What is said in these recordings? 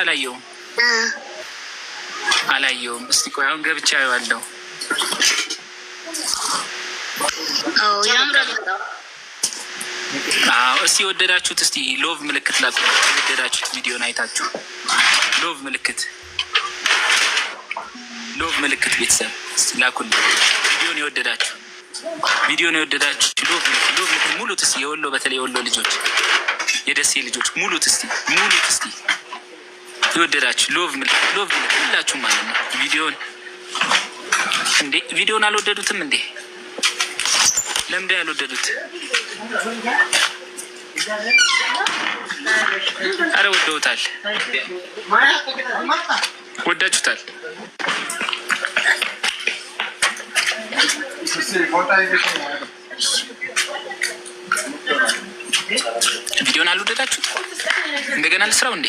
አላየውም አላየውም። እስቲ ቆይ አሁን ገብቻ አየዋለሁ። እስቲ የወደዳችሁት እስቲ ሎቭ ምልክት ላ የወደዳችሁት ቪዲዮን አይታችሁ ሎቭ ምልክት ሎቭ ምልክት ቤተሰብ ላኩል። ቪዲዮን የወደዳችሁ ቪዲዮን የወደዳችሁ ሎቭ ምልክት ሙሉት እስቲ የወሎ በተለይ የወሎ ልጆች የደሴ ልጆች ሙሉት እስቲ ሙሉት እስቲ የወደዳችሁ ሎቭ ምል ሎቭ ምል ሁላችሁ ማለት ነው። ቪዲዮን እንዴ ቪዲዮን አልወደዱትም እንዴ? ለምደ ያልወደዱት አረ ወደውታል፣ ወዳችሁታል። ቪዲዮን አልወደዳችሁት? እንደገና ልስራው እንዴ?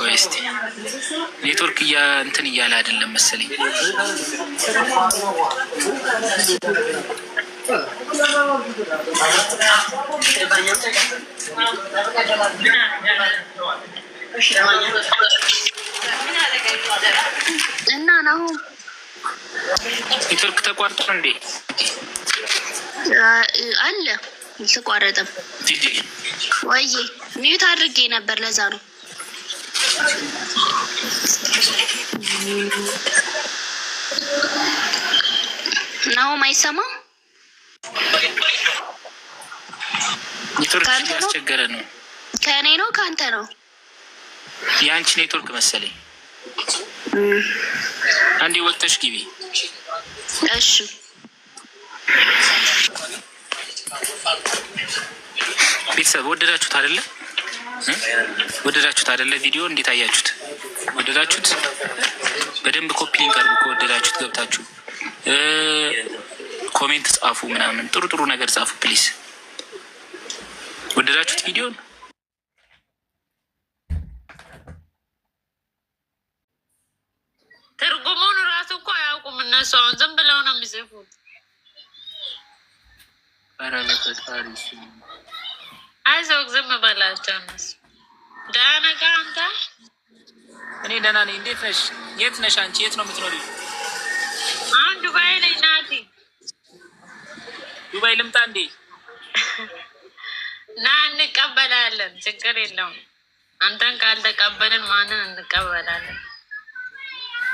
ቆይ እስኪ ኔትወርክ እያ እንትን እያለ አይደለም መሰለኝ። እና ነው። ኔትወርክ ተቋርጦ እንዴ? አለ አልተቋረጠም። ወይ ሚዩት አድርጌ ነበር፣ ለዛ ነው። ናሆም አይሰማም። ኔትወርክ ያስቸገረ ነው። ከእኔ ነው ከአንተ ነው? የአንቺ ኔትወርክ መሰለኝ አንዴ ወጥተሽ ግቢ። እሺ ቤተሰብ ወደዳችሁት አይደለ? ወደዳችሁት አይደለ? ቪዲዮ እንዴት አያችሁት? ወደዳችሁት? በደንብ ኮፒ ሊንክ አድርጉ። ከወደዳችሁት ገብታችሁ ኮሜንት ጻፉ፣ ምናምን ጥሩ ጥሩ ነገር ጻፉ ፕሊስ። ወደዳችሁት ቪዲዮን? ትርጉሙን ራሱ እኮ አያውቁም እነሱ። አሁን ዝም ብለው ነው የሚጽፉት። አይዞህ ዝም በላቸው እነሱ። ደህና ነህ? አንተ እኔ ደህና ነኝ። እንዴት ነሽ? የት ነሽ አንቺ? የት ነው የምትኖሪው? አሁን ዱባይ ነኝ ናቲ። ዱባይ ልምጣ እንዴ? ና እንቀበላለን። ችግር የለውም። አንተን ካልተቀበልን ማንን እንቀበላለን?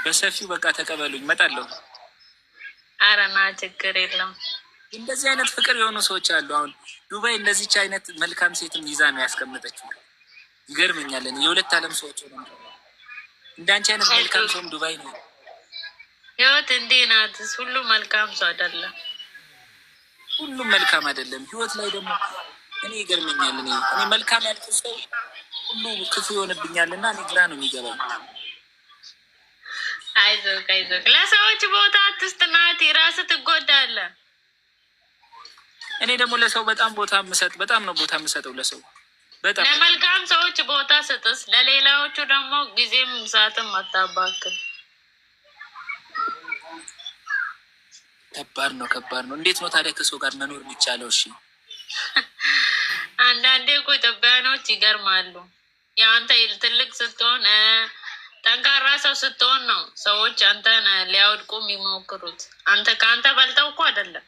በሰፊው በቃ ተቀበሉኝ፣ እመጣለሁ። ና፣ ችግር የለም። እንደዚህ አይነት ፍቅር የሆኑ ሰዎች አሉ። አሁን ዱባይ እንደዚች አይነት መልካም ሴትም ይዛ ነው ያስቀመጠችው። ይገርመኛለን። የሁለት ዓለም ሰዎች ሆነ እንዳንቺ አይነት መልካም ሰውም ዱባይ ነው። ህይወት እንዲህ ናት። ሁሉ መልካም ሰው አይደለም፣ ሁሉም መልካም አይደለም። ህይወት ላይ ደግሞ እኔ ይገርመኛል። እኔ መልካም ያልኩ ሰው ሁሉ ክፉ ይሆንብኛል እና እኔ ግራ ነው የሚገባኝ አይዞህ አይዞህ። ለሰዎች ቦታ አትስጥ ናቲ፣ ራስህ ትጎዳለህ። እኔ ደግሞ ለሰው በጣም ቦታ የምሰጥ በጣም ነው ቦታ የምሰጠው ለሰው በጣም ለመልካም ሰዎች ቦታ ስጥስ፣ ለሌላዎቹ ደግሞ ጊዜም ሰዓትም አታባክን። ከባድ ነው ከባድ ነው። እንዴት ነው ታዲያ ከሰው ጋር መኖር የሚቻለው? እሺ አንዳንዴ እኮ ኢትዮጵያኖች ይገርማሉ። የአንተ ትልቅ ስትሆን ጠንካራ ሰው ስትሆን ነው ሰዎች አንተን ሊያወድቁ የሚሞክሩት። አንተ ከአንተ በልጠው እኮ አይደለም።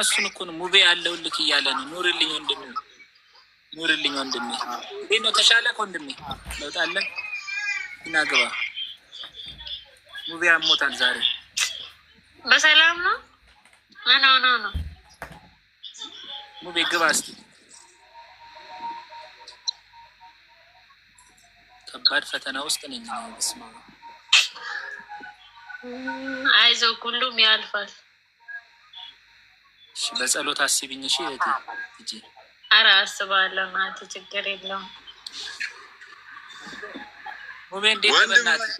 እሱን እኮ ነው ሙቤ ያለው ልክ እያለ ነው። ኑርልኝ ወንድሜ፣ ኑርልኝ ወንድሜ። ይህ ነው ተሻለ ወንድሜ? ለውጣለ እናግባ። ሙቤ አሞታል ዛሬ። በሰላም ነው? ምን ሆነው ነው? ሙቤ ግባ እስኪ ከባድ ፈተና ውስጥ ነኝ። ስማ አይዞ ሁሉም ያልፋል። በጸሎት አስቢኝ ሺ እህቴ። ኧረ አስባለሁ ናት፣ ችግር የለውም። ሙቤ እንዴት ነህ እናትህ?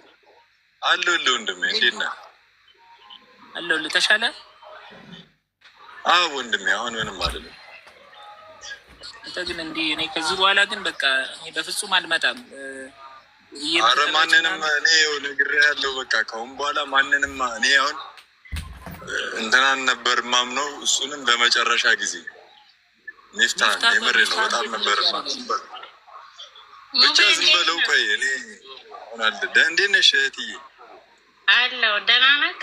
አለሁልህ ወንድሜ፣ እንዴት ነህ? አለሁልህ። ተሻለ? አዎ ወንድሜ፣ አሁን ምንም አይደለም። አንተ ግን እንዲህ እኔ ከዚህ በኋላ ግን በቃ በፍጹም አልመጣም። አረ ማንንም እኔ ያለው በቃ ከአሁን በኋላ ማንንም እኔ አሁን እንትናን ነበር ማምነው እሱንም በመጨረሻ ጊዜ ሚፍታ የምር ነው። በጣም ነበር ብቻ ዝም በለው። ቆይ እኔ ሆናል እንዴት ነሽ እህትዬ? አለው ደህና ነህ?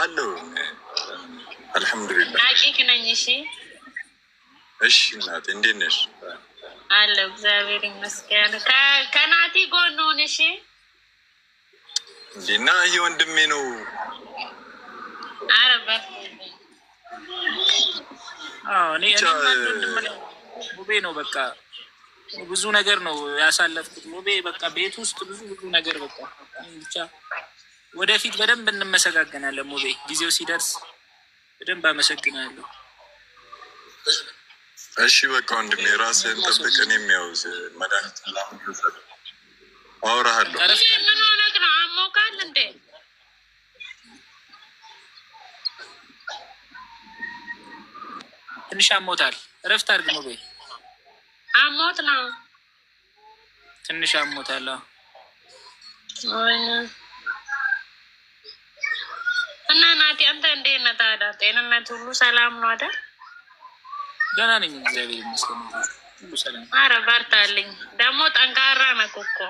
አለው አልሐምዱሊላህ። ናቂክ ነኝ። እሺ እሺ፣ እናቴ እንዴት ነሽ? አለ እግዚአብሔር ይመስገን። ከናቲ ጎን ሁን እሺ። እንዴና ይህ ወንድሜ ነው። አረበ ሙቤ ነው። በቃ ብዙ ነገር ነው ያሳለፍኩት። ሙቤ በቃ ቤት ውስጥ ብዙ ብዙ ነገር በቃ ብቻ ወደፊት በደንብ እንመሰጋገናለን። ሙቤ ጊዜው ሲደርስ በደንብ አመሰግናለሁ። እሺ በቃ ወንድሜ ራስህን ጠብቅ። እኔ የሚያውዝ መድኃኒት አውራሃለሁ። ምን ሆነህ ነው? አሞካል እንዴ? ትንሽ አሞታል። እረፍት አድርግ ነው። ቤት አሞት ነው። ትንሽ አሞታል። እና ናቲ አንተ እንዴት ነህ ታዲያ? ጤንነት ሁሉ ሰላም ነው አይደል? ደህና ነኝ፣ እግዚአብሔር ይመስገን። ኧረ በርታልኝ። ደግሞ ጠንካራ ነህ እኮ።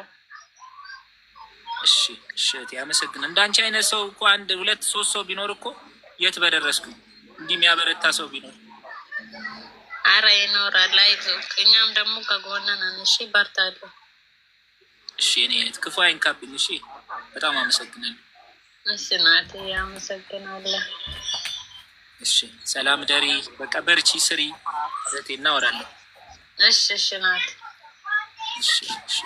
እሺ እሺ፣ አመሰግን። እንዳንቺ አይነት ሰው እኮ አንድ ሁለት ሶስት ሰው ቢኖር እኮ የት በደረስኩ። እንዲህ የሚያበረታ ሰው ቢኖር አረ ይኖራል። አይዞ፣ እኛም ደግሞ ከጎንህ ነን። እሺ በርታለሁ። እሺ እኔ ክፉ አይንካብኝ። እሺ በጣም አመሰግናለሁ። እሺ ናት አመሰግናለሁ። እሺ ሰላም ደሪ በቃ በርቺ፣ ስሪ እህቴ፣ እናወራለን። እሺ እሺ ናት። እሺ እሺ